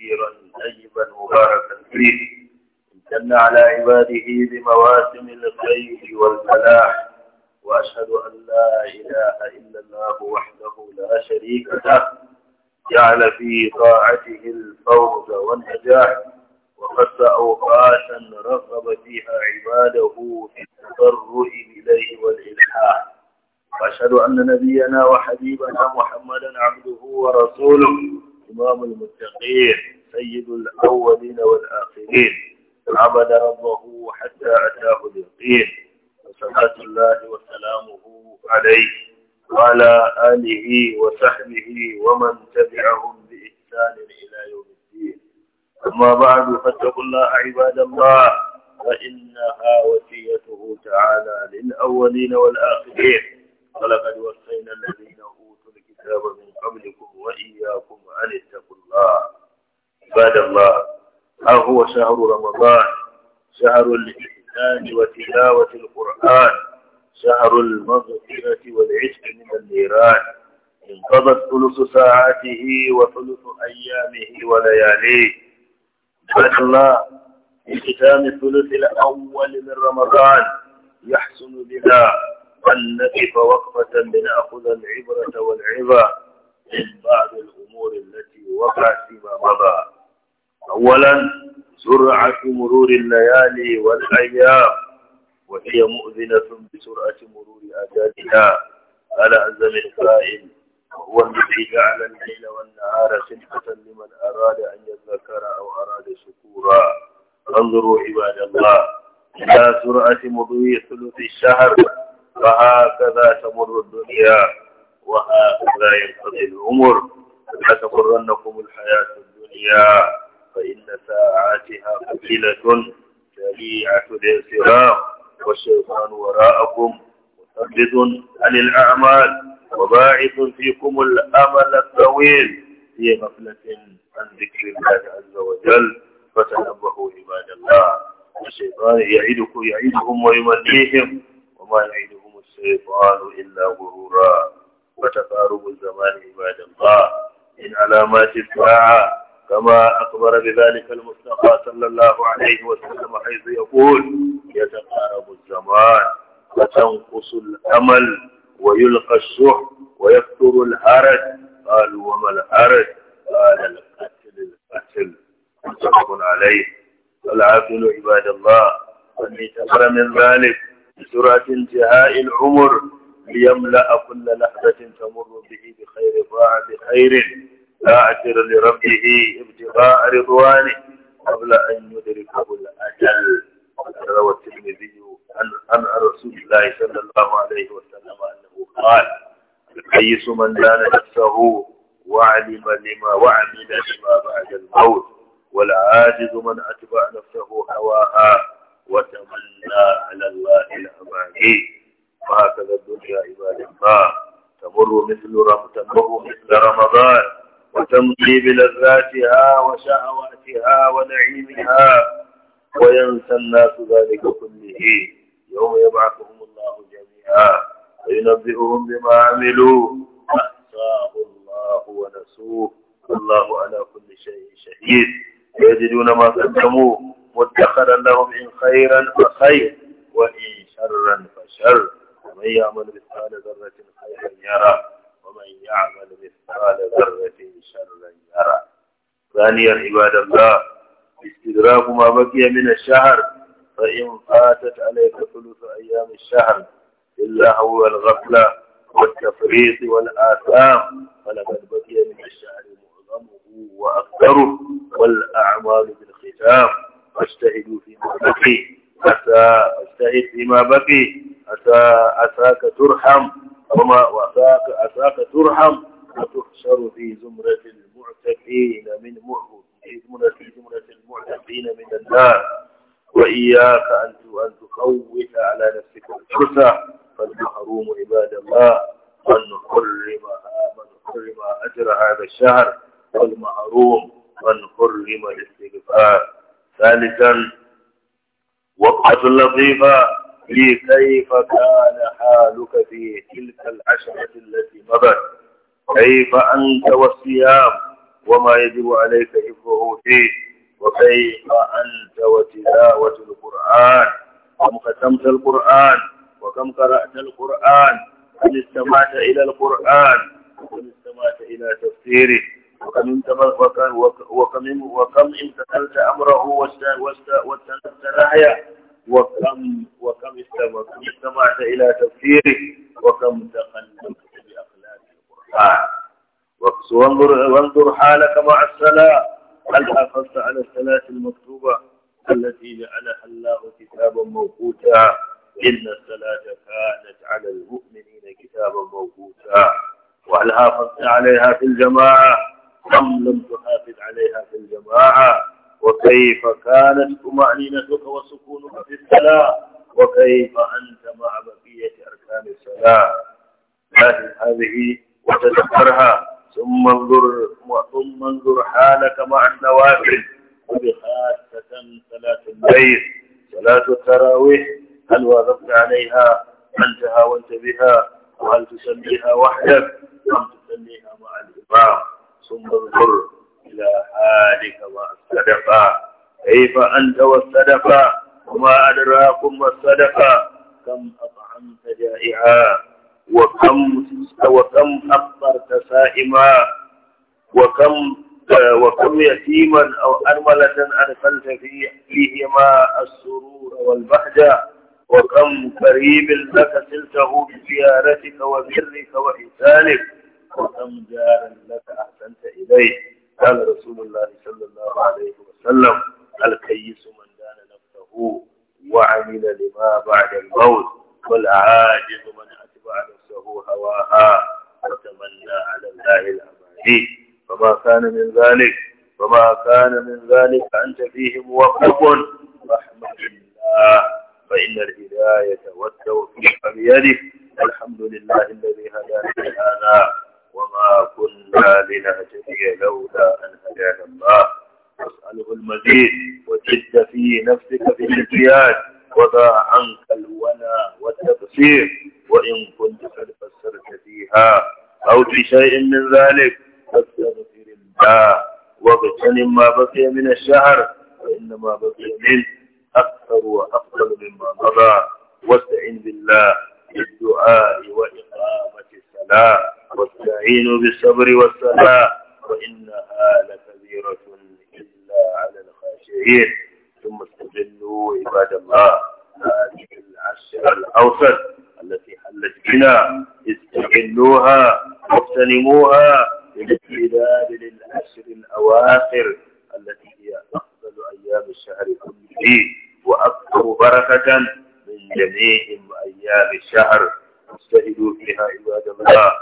كثيرا طيبا مباركا فيه امتن على عباده بمواسم الخير والفلاح وأشهد أن لا إله إلا الله وحده لا شريك له جعل في طاعته الفوز والنجاح وقص أوقاتا رغب فيها عباده في التضرع إليه والإلحاح وأشهد أن نبينا وحبيبنا محمدا عبده ورسوله إمام المتقين سيد الأولين والآخرين عبد ربه حتى أتاه اليقين وصلاة الله وسلامه عليه وعلى آله وصحبه ومن تبعهم بإحسان إلى يوم الدين أما بعد فاتقوا الله عباد الله فإنها وصيته تعالى للأولين والآخرين ولقد وصينا الذين الكتاب من قبلكم وإياكم أن اتقوا الله عباد الله ها هو شهر رمضان شهر الإحسان وتلاوة القرآن شهر المغفرة والعشق من النيران انقضت ثلث ساعاته وثلث أيامه ولياليه عباد الله في ختام الثلث الأول من رمضان يحسن بنا أن نقف وقفة لنأخذ العبرة والعبر من بعض الأمور التي وقعت فيما مضى أولا سرعة مرور الليالي والأيام وهي مؤذنة بسرعة مرور أجالها على أزم القائل وهو الذي جعل الليل والنهار سلحة لمن أراد أن يذكر أو أراد شكورا انظروا عباد الله إلى سرعة مضي ثلث الشهر فهكذا تمر الدنيا وهكذا ينقضي العمر لا تغرنكم الحياة الدنيا فإن ساعاتها قليلة سريعة الانصراف والشيطان وراءكم مثبت عن الأعمال وباعث فيكم الأمل الطويل في غفلة عن ذكر الله عز وجل فتنبهوا عباد الله الشيطان يعدكم يعيدهم ويمنيهم وما يعدهم الشيطان إلا غرورا وتقارب الزمان عباد الله من علامات الساعة كما أخبر بذلك المصطفى صلى الله عليه وسلم حيث يقول يتقارب الزمان وتنقص الأمل ويلقى الشح ويكثر الحرج قالوا وما الحرج قال القتل القتل متفق عليه العاقل عباد الله من من ذلك بسرعة انتهاء العمر ليملأ كل لحظة تمر به بخير ضاع بخير أعتر لربه ابتغاء رضوانه قبل أن يدركه الأجل روى الترمذي عن رسول الله صلى الله عليه وسلم أنه قال الحيس من دان نفسه وعلم لما وعمل لما بعد الموت والعاجز من أتبع نفسه هواها وتمنى على الله الأماني وهكذا الدنيا عباد الله تمر مثل تمر مثل رمضان وتمضي بلذاتها وشهواتها ونعيمها وينسى الناس ذلك كله يوم يبعثهم الله جميعا وينبئهم بما عملوا أحصاه الله ونسوه والله على كل شيء شهيد ويجدون ما قدموه وادخر لهم إن خيرا فخير وإن شرا فشر ومن يعمل مثقال ذرة خيرا يرى ومن يعمل مثقال ذرة شرا يرى ثانيا عباد الله استدراك ما بقي من الشهر فإن فاتت عليك ثلث أيام الشهر إلا هو الغفلة والتفريط والآثام فلقد بقي من الشهر معظمه وأكثره والأعمال بالختام واجتهدوا فيما بقي أتى اجتهد فيما بقي أتى أتاك ترحم وما وأتاك أتاك ترحم وتحشر في زمرة المعتقين من في زمرة المعتقين من النار وإياك أن أن تخوف على نفسك الحسى فالمحروم عباد الله من حرم من حرم أجر هذا الشهر والمحروم من حرم الاستغفار ثالثا وقعة لطيفة في كيف كان حالك في تلك العشرة التي مضت كيف أنت والصيام وما يجب عليك حفظه فيه وكيف أنت وتلاوة القرآن كم ختمت القرآن وكم قرأت القرآن هل استمعت إلى القرآن هل استمعت إلى تفسيره وكم وكم وكم امتثلت امره واستنبت نهيه وكم وكم استمعت الى تفسيره وكم تقلبت باخلاق القران وانظر وانظر حالك مع الصلاه هل حافظت على الصلاه المكتوبه التي جعلها الله كتابا موقوتا إن الصلاة كانت على المؤمنين كتابا موقوتا وهل حافظت عليها في الجماعة أم لم تحافظ عليها في الجماعة وكيف كانت طمأنينتك وسكونك في الصلاة وكيف أنت مع بقية أركان الصلاة هذه وتذكرها ثم انظر ثم انظر حالك مع النوافل وبخاصة صلاة الليل صلاة التراويح هل واظبت عليها هل تهاونت بها وهل تسميها وحدك أم تسميها مع الإمام ثم انظر إلى حالك والصدقة كيف أنت والصدقة وما أدراكم والصدقة كم أطعمت جائعا وكم وكم أفطرت سائما وكم وكم يتيما أو أرملة أرسلت فيه فيهما السرور والبهجة وكم قريب لك سلته بزيارتك وبرك وإحسانك وكم جار لك أحسنت إليه قال رسول الله صلى الله عليه وسلم الكيس من دان نفسه وعمل لما بعد الموت والعاجز من أتبع نفسه هواها وتمنى على الله الأماني فما كان من ذلك فما كان من ذلك أنت فيه موفق فاحمد الله فإن الهداية والتوفيق بيده الحمد لله الذي هدانا لهذا كنا لنهتدي لولا أن هدانا الله أسأله المزيد وجد في نفسك في الاتيان وضع عنك الولى والتبصير وإن كنت قد فسرت فيها أو في شيء من ذلك فاستغفر الله واغتنم ما بقي من الشهر ما بقي منه أكثر وأفضل مما مضى واستعن بالله بالدعاء وإقامة الصلاة واستعينوا بالصبر والصلاة وإنها لكبيرة إلا على الخاشعين ثم استجلوا عباد الله هذه العشر الأوسط التي حلت بنا استغلوها واغتنموها بالاستعداد للعشر الأواخر التي هي أفضل أيام الشهر كله وأكثر بركة من جميع أيام الشهر اجتهدوا فيها عباد الله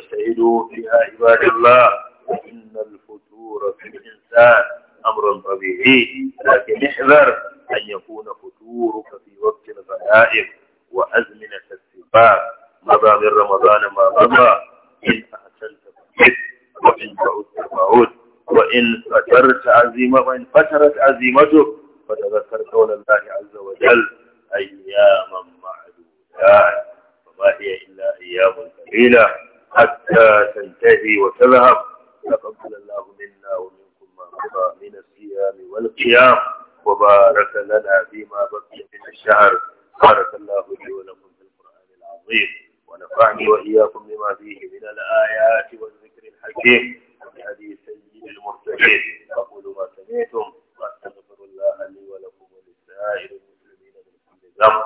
فاجتهدوا فيها عباد الله إن الفتور في الإنسان أمر طبيعي لكن احذر أن يكون فتورك في وقت الغنائم وأزمنة السفاف مضى من رمضان ما مضى إن أحسنت فجد وإن فعدت فعد وإن فترت عزيمة وإن فترت عزيمتك فتذكر قول الله عز وجل أياما معدودات وما هي إلا أيام قليلة حتى تنتهي وتذهب تقبل الله منا ومنكم ما مضى من الصيام والقيام وبارك لنا فيما بقي من الشهر بارك الله لي ولكم في القرآن العظيم ونفعني وإياكم لما فيه من الآيات والذكر الحكيم بهدي سيد المرسلين أقول ما سمعتم وأستغفر الله لي ولكم ولسائر المسلمين من كل ذنب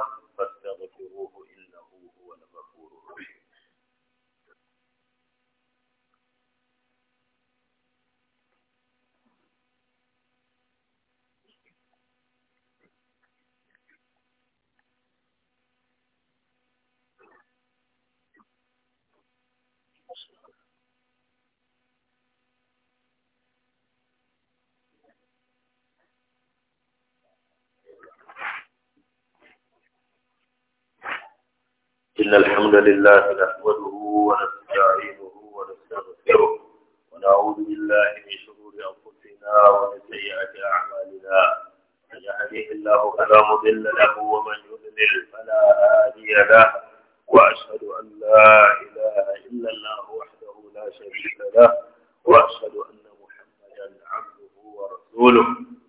إن الحمد لله نحمده ونستعينه ونستغفره ونعوذ بالله من شرور أنفسنا ومن سيئات أعمالنا من يهده الله فلا مضل له ومن يضلل فلا هادي له وأشهد أن لا إله إلا الله وحده لا شريك له وأشهد أن محمدا عبده ورسوله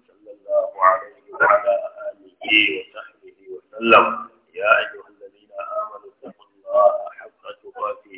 صلى الله عليه وعلى آله وصحبه وسلم يا أيها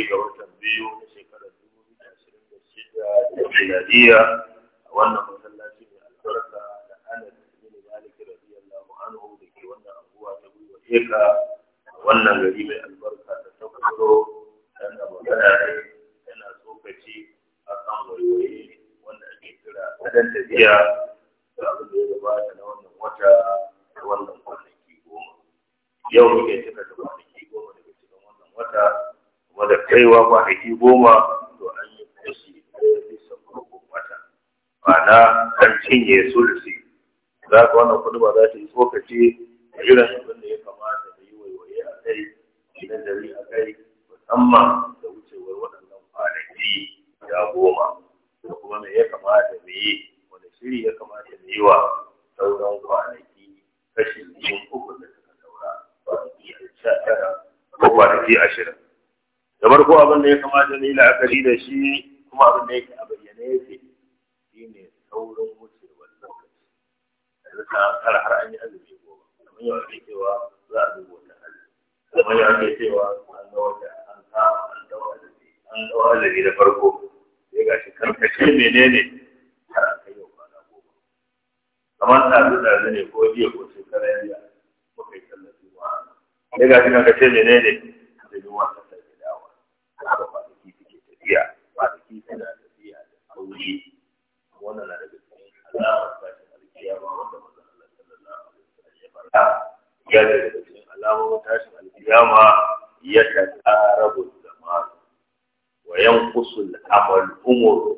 ga watan biyu na shekarar dubu biyu da ashirin da shida da miladiya a wannan masallaci mai albarka da anas bin malik radiyallahu anhu da ke wannan anguwa ta gwiwa eka wannan gari mai albarka da ta kuro tana magana ne yana tsokaci a kan waiwaye wanda ake kira adan tafiya da abin da ya gabata na wannan wata da wannan kwanaki goma yau muke cika da kwanaki goma daga cikin wannan wata wanda kaiwa kwanaki goma to an yi kusi ɗaya bisa kurkun wata na an cinye su za ka wannan kudu ba za ta yi tsokaci a irin abin da ya kamata da yi waiwaye a kai idan dare a kai musamman da wucewar waɗannan kwanaki ya goma da kuma me ya kamata mu yi wani shiri ya kamata mu yi wa sauran kwanaki kashi biyu uku da suka kwanaki sha tara ko kwanaki ashirin farko abin da ya kamata ne la'akari da shi kuma abin da yake a bayyane yake shi ne saurin wucewar lokaci yanzu ka kara har an yi azumi goma kamar yau ake cewa za a duba ta azumi kamar yau ake cewa an ga wata an an ga da an ga da farko ya ga shi karkace menene har an kai yau kwana goma kamar ɗazu zuwa ne ko jiya ko shekara jiya ko kai tallafi ma ya ga shi karkace menene ya da cikin alamomin tashin alkiyama ya da zaman wa yanqusul amal umur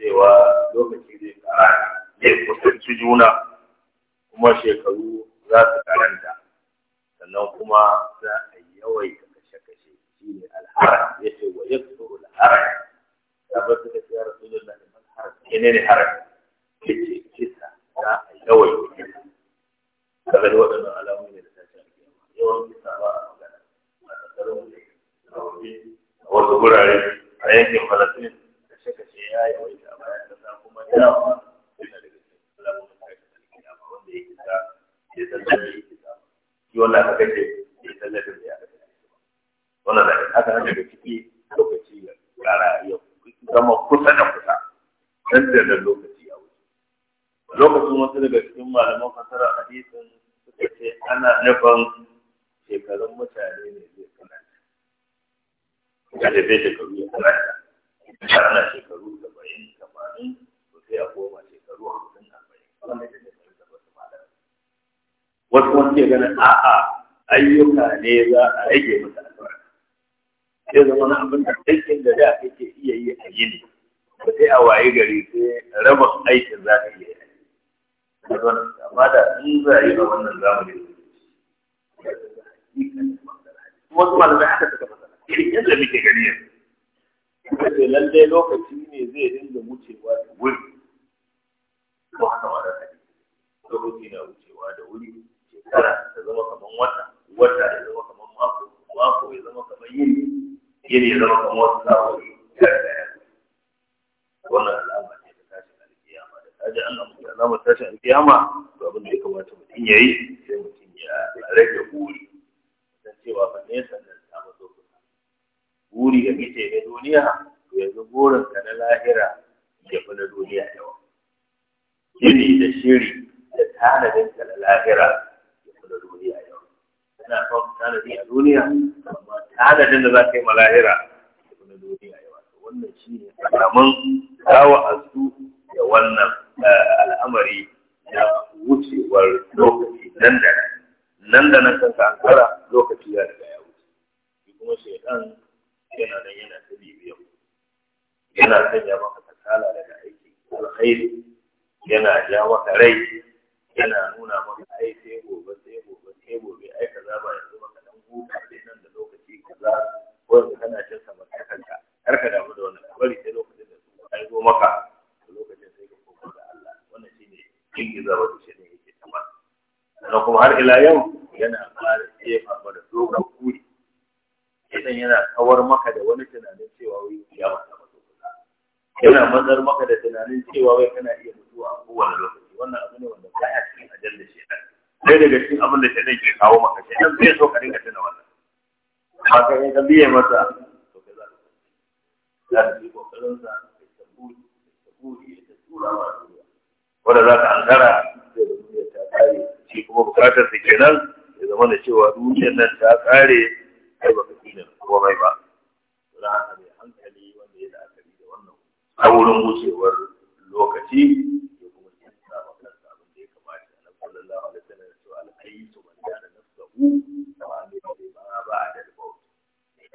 cewa lokaci zai kara zai kusanci juna kuma shekaru za su karanta sannan kuma za a yawaita kashe-kashe shi ne alharam ya ce wa yaksuru alharam sabar suka ce ya rasu da man haram ne ne haram ya ce kisa za a yawaita kisa kaga da waɗannan alamu ne yawan kisa ba a magana wasu wurare a yankin da kashe kashe ya yi wani a bayan da kuma yawa yana daga cikin alamomin kashe da kiyama wanda ya kisa ya tsallabe ya kisa shi wanda aka kashe ya tsallabe ya aka wannan da aka nan da ciki lokaci ya kara ya zama kusa da kusa nan da nan lokaci a wuce lokacin wasu daga cikin malaman fasara hadisin suka ce ana nufin shekarun mutane ne zai tsananta ga da zai shekaru ya tsananta har na shekaru bayan tamanin to sai a goma shekaru hamsin arba'in wanda da shekaru da wasu malar. wasu wani ke ganin a'a ayyuka ne za a rage masa albarka sai zama na abin da aikin da da kake iya yi a yini sai a waye gari sai raba aikin za ka iya yi amma da in za a yi ba wannan zamani. wasu malamai haka suka fasa irin yadda muke gani yanzu suka ce lallai lokaci ne zai dinga wucewa da wuri ko haka wadda ta lokaci na wucewa da wuri shekara ta zama kaman wata wata ya zama kaman mako mako ya zama kamar yini yini ya zama kamar wasu sa'o'i wannan alama ne da tashin alkiyama da kaji an mu alama tashin alkiyama to abin da ya kamata mutum yayi sai mutum ya rage buri cewa fa ne sannan ta mazo kuma buri ga kike ga duniya to yanzu burin ka na lahira ya fi na duniya yawa shiri da shiri da tanadin ka na lahira ya fi na duniya yawa Ina son tanadi a duniya amma tanadin da za ka yi ma lahira ya fi na duniya yawa to wannan shi ne alamun kawo su da wannan eh, al'amari na wucewar lokaci nan da nan nan da nan kan kankara lokaci ya riga ya wuce shi kuma shaidan yana nan yana ta bibiyan yana sanya maka kasala daga aiki alkhairi yana ja maka rai yana nuna maka ai sai gobe sai gobe sai gobe ai za ba yanzu maka nan huta sai nan da lokaci kaza ko yanzu kana cin sama kanka kar ka damu da wannan bari sai lokacin da su ai zo maka lokacin sai ka kuma da Allah wannan shine ingiza wata shi. da kuma har ila yau yana ƙara jefa da dogon kuri idan yana kawar maka da wani tunanin cewa wai ya mata masu kusa yana matsar maka da tunanin cewa wai kana iya mutuwa a kowane lokaci wannan abu ne wanda ba ya cikin ajal da shi sai daga cikin abin da shi ke kawo maka shi nan zai so ka dinga tuna wannan ba ka yi ka biye masa to ka za ka za ka yi kokarin sa ka tabbuli ka tabbuli ka tura wa duniya wanda za ka ankara zai da duniya ta kare shi kuma bukatar sa kenan ya zama da cewa duniyar nan ta kare kai baka kina komai ba don haka mai hankali wanda ya la'akari da wannan saurin wucewar lokaci ya kuma kinsa wa kansa abin da ya kamata a nan sallallahu alaihi wasallam ya ce al'ayyi su man da nafsahu da ba ne ba ba da bauta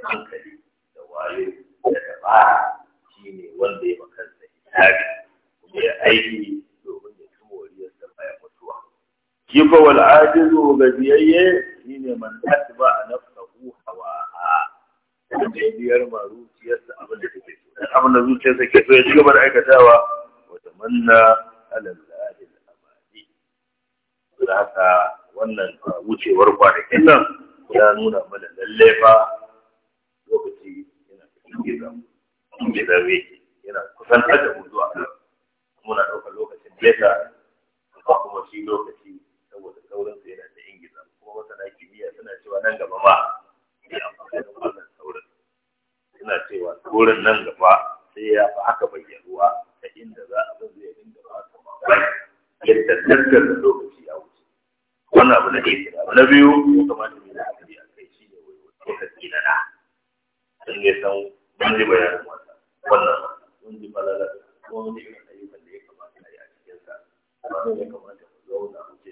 hankali da waye da dabara shine wanda ya makansa hisabi kuma ya aiki shi ko wal ajizu gajiyayye shine man asba nafsahu hawaha wanda ya biyar ma zuciyarsa abin da take so dan abin da zuciyarsa ke so ya ci gaba da aikatawa wa tamanna ala allahi al-abadi da haka wannan wucewar kwanakin nan ya nuna mana lalle fa lokaci yana cikin gidan mu da wake yana kusan da mu zuwa muna ɗaukar lokacin da ya kuma shi lokaci sauransu yana da ingiza kuma masana kimiyya suna cewa nan gaba ma sai amfani da wannan saurin suna cewa sauran nan gaba sai ya fi haka bayyanuwa ta inda za a bin zai ba ta yadda tattar da lokaci a wuce wannan abu na ɗaya abu na biyu ya kamata mu yi la'akari a kai shi ne wai lokaci na na sun san ji bayanin wannan wannan ji kuma irin ayyukan da ya kamata a yi a cikinsa ne ya kamata mu zauna mu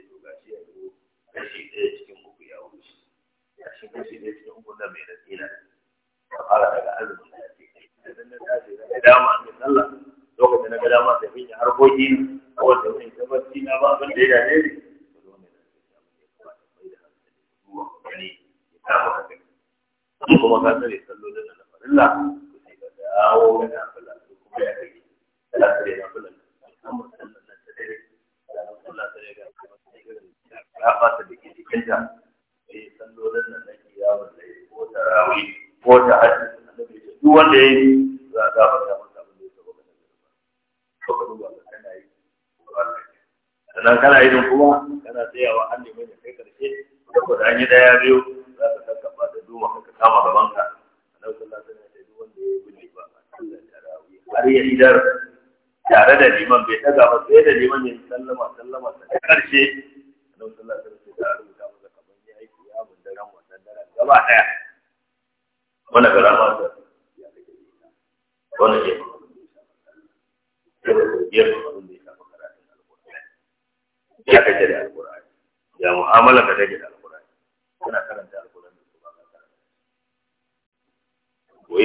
Yashi ɗaya cikin uku ya wuce kashi shi ɗaya cikin uku na mai nasila ta fara daga azumin da ake kai idan na tashi na ga dama a cikin sallah lokacin na ga dama ta fi harkoki a wata wani tabbaci na ba abin da ya dace ne kuma ka sani sallolin da na farilla sai ka dawo ga nafila su kuma ya kai sallah sai nafila raba ta da ke cikin ta eh, na kiyamun ko ta rawi ko ta hajji annabi ce duk wanda ya yi za a gaba ta masa abin da ya saba mana da ba to ka duba ka kana yi sannan kana yi kuma tsayawa an nemi ne kai karshe saboda yi daya biyu za ka kakkaba da duma ka kama gabanka annabi sallallahu alaihi wasallam duk wanda ya yi gudu ba a sallar tarawih har ya idar tare da liman bai daga ba sai da liman ya sallama sallama ta karshe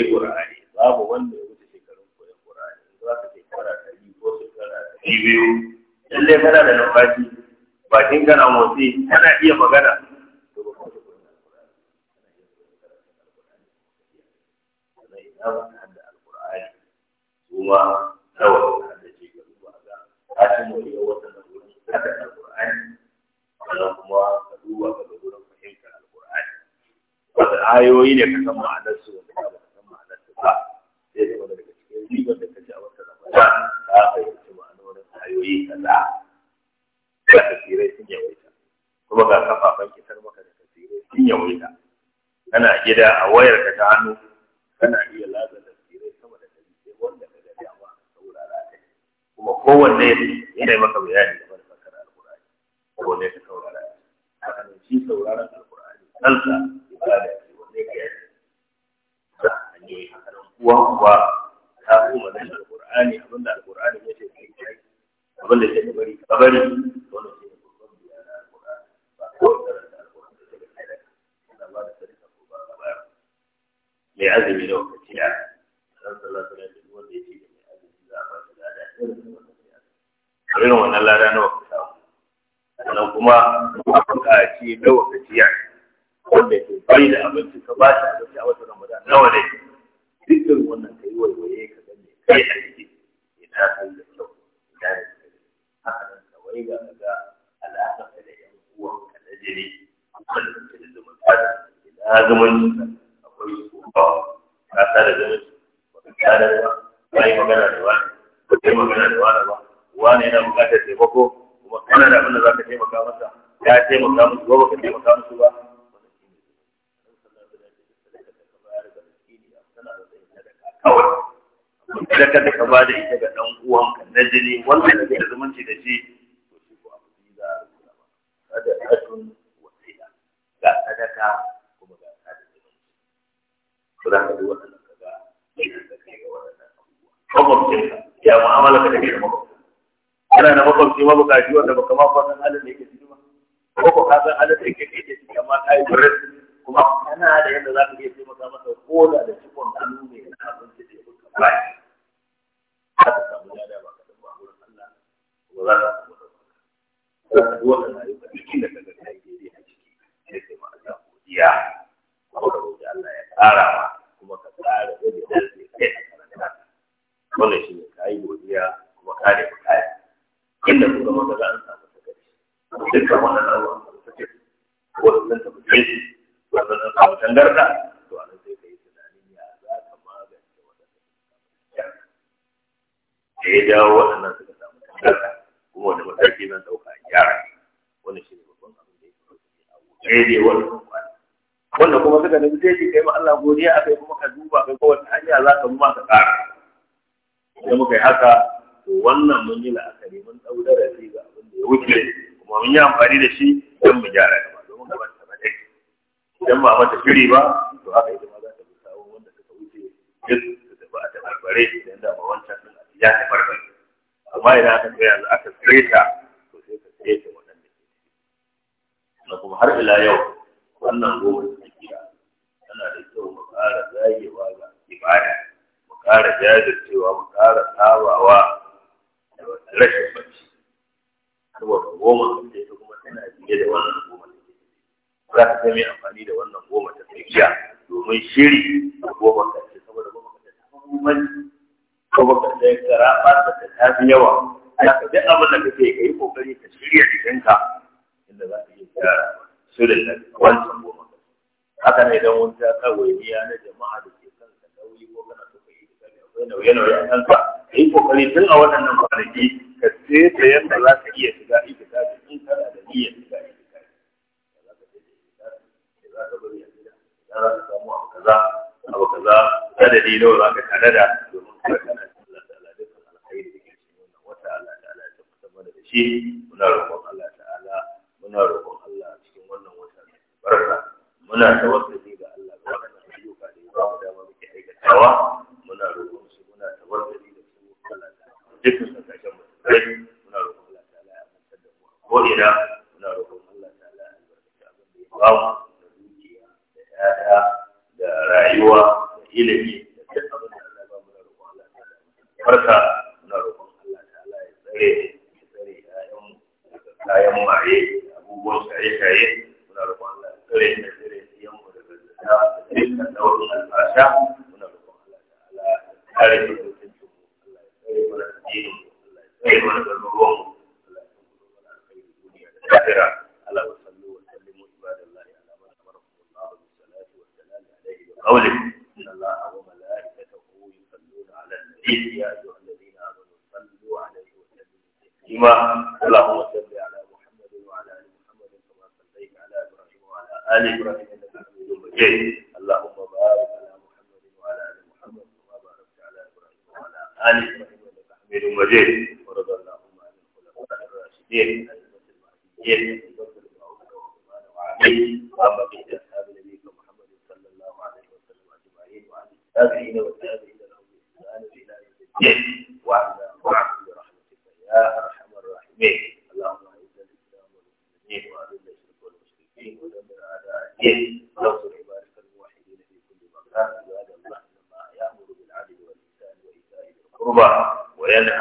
koyi ƙura'ani babu wanda ya wuce shekarun koyon Qur'ani za ka shekara ɗari ko shekara ɗari biyu lallai kana da numfashi bakin kana motsi kana iya magana kowanne ya yi maka bayani game da bakar alkur'ani kowanne ka saurara haka ne shi sauraron alkur'ani kansa da ce wanne ka yi da hanyoyi haka nan kuwa kuwa ta kuma da alkur'ani abinda alkur'ani ya ce ka yi abinda ya ce ka bari ka bari Na zumunci akwai kuma ta ta da zumunci ba ta da ba yi magana da wani ba ta yi magana da wani ba wani yana buƙatar taimako kuma kana da abin da za ka taimaka masa ya taimaka musu ba ka taimaka musu ba kawai sadaka da ka ba da ita ga ɗan uwanka na jini wanda da zumunci da shi kana da makwabci mabukaci wanda baka ma kwanan halin da yake ciki ba ko ko ka san halin da yake ciki amma ka yi burin kuma kana da yadda za ka iya taimaka masa ko da da cikon hannu ne yana abin da ya buka ba za ta samu lada ba ka san ba wurin Allah ba za ka samu ba ka duwa na yi da kaga kai a ciki sai sai ma godiya ko da godiya Allah ya tsara kuma ka tsara da da kai a karanta wannan shi ne kai godiya kuma kare bukata inda su zama da za a samu ta dukkan wannan abubuwan da suke wasu sun tafi kai wasu sun samu tangarda to a nan sai ka yi tunanin ya za ka magance waɗanda suka samu da ya dawo waɗannan suka samu tangarda kuma wani mataki zan ɗauka a gyara wani shi ne babban abin da ya fi a wuce ne wannan kwana wannan kuma suka nufi sai kai ma Allah godiya akai kuma ka duba kai kowace hanya za ka mu ma ka ƙara idan muka yi haka wannan mun yi la'akari mun ɗau darasi ga abin da ya wuce kuma mun yi amfani da shi don mu gyara ba domin gaban ta bane idan ba mata shiri ba to haka ita ma za ta kawo wanda ta wuce duk ta tafi a tabarbare idan da ba wancan sun a ya tabarbare amma idan aka tsaya yanzu aka tsare ta to sai ta tsare ta waɗanda ke na kuma har ila yau wannan goma ta kira tana da kyau mu ƙara zagewa ga ibada mu ƙara jajircewa mu ƙara sabawa da rashin bacci saboda goma da ita kuma tana biye da wannan goma da ke za ka ga mai amfani da wannan goma ta tafiya domin shiri a goma ka karshe saboda goma karshe ta fi muhimmanci goma karshe kara ba ta ta fi yawa za ka duk abin da ka ke, ka yi kokari ka shirya jikinka inda za ka iya gyara shirin da wancan goma karshe haka ne idan wani ta kawai na jama'a da ke kanka nauyi ko kana so ka yi da kai akwai nauye-nauye a kanka ka yi kokari tun a waɗannan kwanaki ka ta yadda za ka iya shiga itikafi in kana da niyyar shiga itikafi za ka je itikafi za ka bari a gida za ka samu abu kaza abu kaza adadi nawa za ka tanada domin ka kana cikin Allah dukkan alkhairi da ke cikin wannan wata Allah ta'ala ta tabbatar da shi muna roƙon Allah ta'ala muna roƙon Allah cikin wannan wata mai barka muna tawakkali إيه يا أيها الذين آمنوا صلوا عليه وسلموا تسليما اللهم صل على محمد وعلى آل محمد كما صليت على إبراهيم وعلى آل إبراهيم إنك حميد مجيد اللهم بارك على محمد وعلى آل محمد كما باركت على إبراهيم وعلى آل إبراهيم إنك حميد مجيد ورضى اللهم عن الخلفاء الراشدين الأئمة المهديين أبي بكر وعمر وعثمان وعلي وعن بقية أصحاب نبيك محمد صلى الله عليه وسلم أجمعين وعن التابعين والتابعين واحدا واحدا برحمتك يا ارحم الراحمين اللهم اعز الاسلام والمسلمين واذل الشرك والمشركين ودمر اعداء الدين وانصر عبادك الموحدين في كل مكان عباد الله انما يامر بالعدل والاحسان وايتاء ذي القربى وينهى